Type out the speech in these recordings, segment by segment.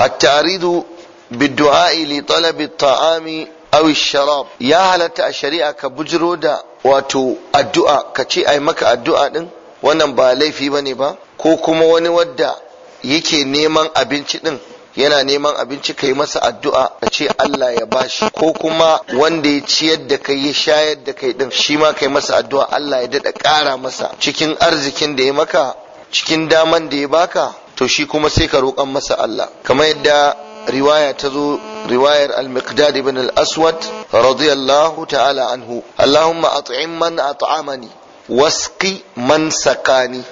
التعريض بالدعاء لطلب الطعام أو الشراب يا shari'a الشريعة كبجرو da واتو الدعاء kace ai maka addu'a din wannan ba laifi ba ne ba ko kuma wani wadda yake neman abinci din yana neman abinci kai masa addu'a ka ce Allah ya bashi ko kuma wanda ya ciyar da kai ya shayar da kai din shi ma kai masa addu'a Allah ya dada ƙara masa cikin arzikin da ya maka cikin daman da ya baka to shi kuma sai ka roƙan masa Allah kamar yadda riwaya ta zo riwayar al-miqdad ibn al-aswad radiyallahu ta'ala anhu Allahumma at'im man at'amani wasqi man sakani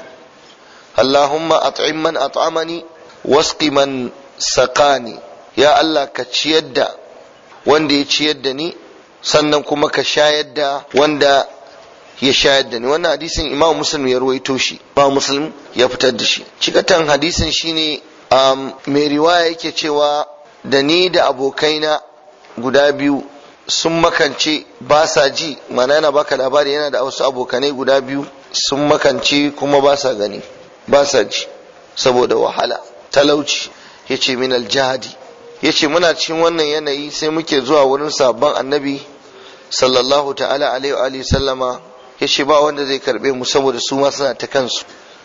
Allahumma at'im man at'amani wasqi man sakani ya Allah ka ciyar da wanda ya ciyar da ni sannan kuma ka shayar da wanda ya shayar da ni wannan hadisin imam muslim ya ruwaito shi ba muslim ya fitar da shi cikatan hadisin shine um, mai riwaya yake cewa da ni da abokaina guda biyu sun makance ba sa ji mana yana baka labari yana da wasu abokanai guda biyu sun makance kuma ba sa gani ba sa ji saboda wahala talauci ya ce min aljihadi ya ce muna cikin wannan yanayi sai muke zuwa wurin sabon annabi sallallahu ta'ala alaihi wa sallama ya ce ba wanda zai karbe mu saboda su ma suna ta kansu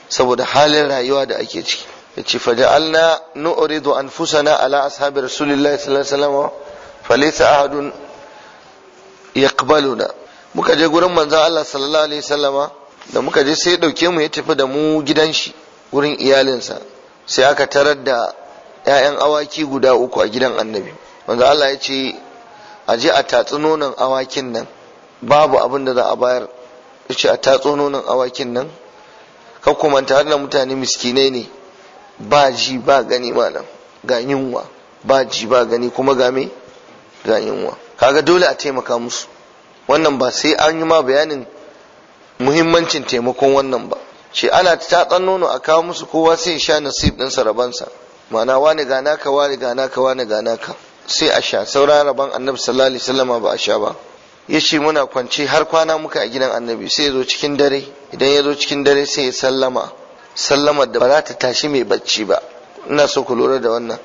saboda halin rayuwa da ake ciki ya ce faja'alna nu'ridu anfusana ala ashabi rasulillahi sallallahu alaihi wasallam ya ahadun yaqbaluna muka je gurin manzon Allah sallallahu alaihi da muka je sai dauke mu ya tafi da mu gidan shi gurin iyalinsa sai aka tarar da 'ya'yan awaki guda uku a gidan annabi manzo Allah ya ce a je a tatsi nonon awakin nan babu abin da za a bayar ce a tatso nonon awakin nan ka kuma tare da mutane miskinai ne ba ji ba gani malam ga yunwa ba ji ba gani kuma ga me ga yunwa kaga dole a taimaka musu wannan ba sai an yi ma bayanin muhimmancin taimakon wannan ba ce ana tatsan nono a kawo musu kowa sai ya sha nasib din sa. ma'ana wani gana ka, wani gana ka, wani gana ka. sai a sha sauran rabon annabi sallallahu alaihi wasallama ba a sha ba ya muna kwance har kwana muka a gidan annabi sai ya zo cikin dare idan ya zo cikin dare sai ya sallama sallama da ba za ta tashi mai bacci ba ina so ku lura da wannan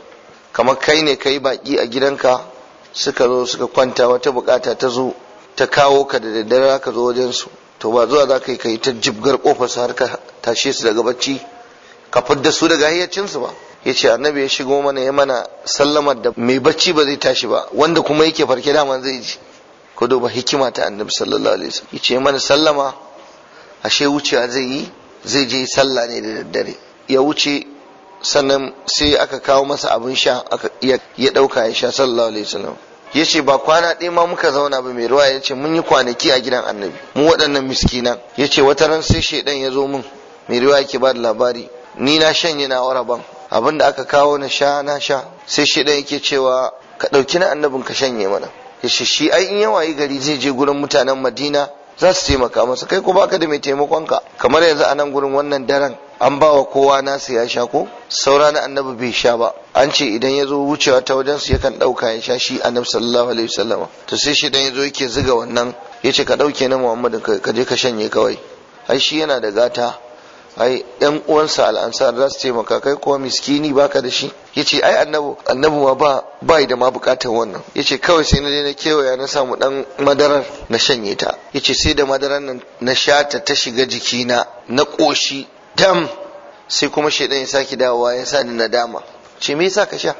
kamar kai ne kai baki a gidanka suka zo suka kwanta wata bukata ta zo ta kawo ka da daddare ka zo wajen su to ba zuwa za ka yi kai ta jibgar kofar su har ka tashe su daga bacci ka fidda su daga hayyacin su ba yace annabi ya shigo mana ya mana sallamar da mai bacci ba zai tashi ba wanda kuma yake farke daman zai ji ko duba hikima ta annabi sallallahu alaihi wasallam yace mana sallama ashe wucewa zai yi zai je sallah ne da daddare ya wuce sannan sai aka kawo masa abin sha ya dauka ya sha sallallahu alaihi wasallam yace ba kwana ɗaya ma muka zauna ba mai ruwa yace mun yi kwanaki a gidan annabi mu waɗannan miskinan yace wata ran sai shedan ya zo min mai ruwa yake ba da labari ni na shanye na waraban abin da aka kawo na sha na sha sai shedan yake cewa ka ɗauki na annabin ka shanye mana ya shi ai in yawayi gari zai je gurin mutanen madina za su taimaka masa kai ko baka da mai taimakonka kamar yanzu a nan gurin wannan daren an bawa kowa nasu ya sha ko saura na annabi bai sha ba an ce idan ya zo wucewa ta wajen su yakan ɗauka ya sha shi annabi sallallahu alaihi wasallam to sai shi dan ya zo yake ziga wannan yace ka ɗauke na muhammadin ka je ka shanye kawai ai shi yana da gata ai yan uwansa al'ansar za su ce maka kai kuwa miskini baka da shi Ya ce, ai annabu annabu ma ba yi da ma bukatar wannan ce kawai sai na je na kewaya na samu ɗan madarar na shanye ta Ya ce sai da madarar nan na Shata ta shiga jikina na koshi dam sai kuma shaidan ya saki dawowa ya sa ni nadama ce me yasa ka sha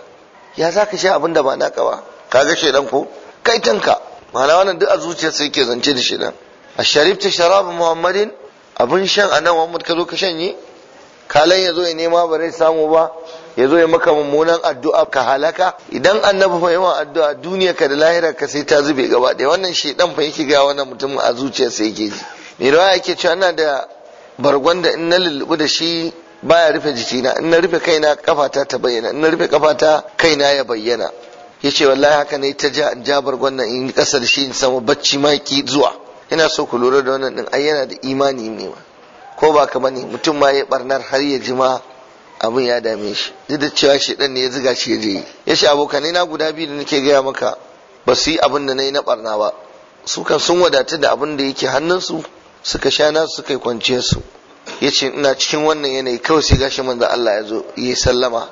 ya za ka sha abin da ba naka ba kaga shaidan ko kai tanka ma'ana wannan duk a zuciyarsa yake zance da shedan asharibta sharab muhammadin abin shan a nan Muhammad ka zo ka shanye kalan ya zo ya nema ba zai samu ba ya zo ya maka mummunan addu'a ka halaka idan annabi fa yawan addu'a duniya ka da lahira ka sai ta zube gaba ɗaya wannan shedan fa yake ga wannan mutum a zuciya sai yake ji mai rawa yake cewa ina da bargon da in na lullubi da shi baya rufe jikina in na rufe kaina kafata ta bayyana in na rufe kafata na ya bayyana yace wallahi haka ne ta ja in ja bargon in kasa da shi in samu bacci maki zuwa ina so ku lura da wannan din ai yana da imani ne ma ko ba ka bane mutum ma ya barnar har ya jima abin ya dame shi duk da cewa shi ne ya ziga shi ya je ya shi abokanai na guda biyu da nake gaya maka ba su yi abin da na yi na barna ba su kan sun wadatu da abin da yake hannunsu suka sha nasu su yi kwanciyar su ya ce ina cikin wannan yanayi kawai sai gashi manzo Allah ya zo ya sallama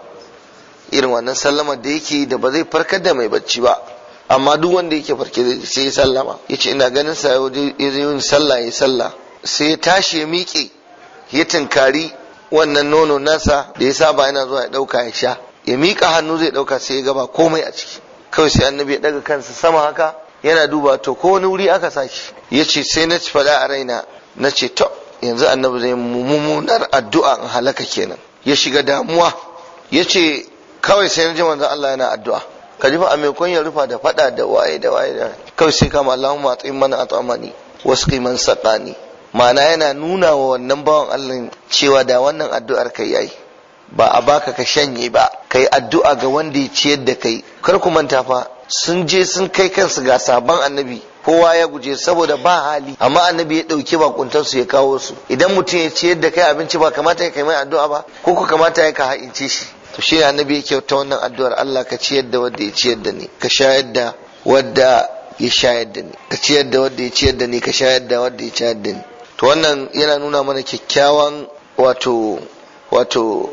irin wannan sallamar da yake da ba zai farkar da mai bacci ba amma duk wanda yake farke sai ya sallama yace ina ganin sa yin sallah ya sallah sai ya tashi ya miƙe ya tinkari wannan nono nasa da ya saba yana zuwa ya ɗauka ya sha ya miƙa hannu zai ɗauka sai ya gaba komai a ciki kawai sai annabi ya ɗaga kansa sama haka yana duba to ko wani wuri aka sashi yace sai na ci fada a raina na ce to yanzu annabi zai mummunar addu'a in halaka kenan ya shiga damuwa yace kawai sai na ji manzon Allah yana addu'a ka ji fa a maimakon ya rufa da fada da waye da waye da kawai sai kama tsayin mana a Wasu wasqi man saqani ma'ana yana nuna wa wannan bawan Allah cewa da wannan addu'ar kai yayi ba a baka ka shanye ba kai addu'a ga wanda ya ciyar da kai kar ku manta fa sun je sun kai kansu ga sabon annabi kowa ya guje saboda ba hali amma annabi ya dauke bakuntar su ya kawo su idan mutum ya ciyar da kai abinci ba kamata ya kai mai addu'a ba ko ku kamata ya ka ha'ince shi to shi nabi ya kyauta wannan addu'ar Allah ka ciyar da wanda ya ciyar da ni ka shayar da wanda ya shayar da ni ka ciyar da wanda ya ciyar da ni ka shayar da wanda ya ciyar da ni to wannan yana nuna mana kyakkyawan wato wato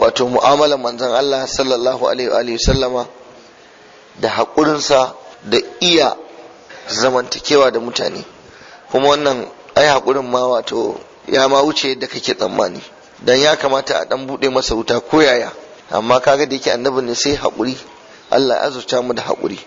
wato mu'amala manzon Allah sallallahu alaihi wa sallama da haƙurinsa da iya zamantakewa da mutane kuma wannan ai haƙurin ma wato ya ma wuce yadda kake tsammani dan ya kamata a dan bude masa wuta ko yaya amma kaga da yake annabin ne sai haƙuri Allah ya azurta mu da haƙuri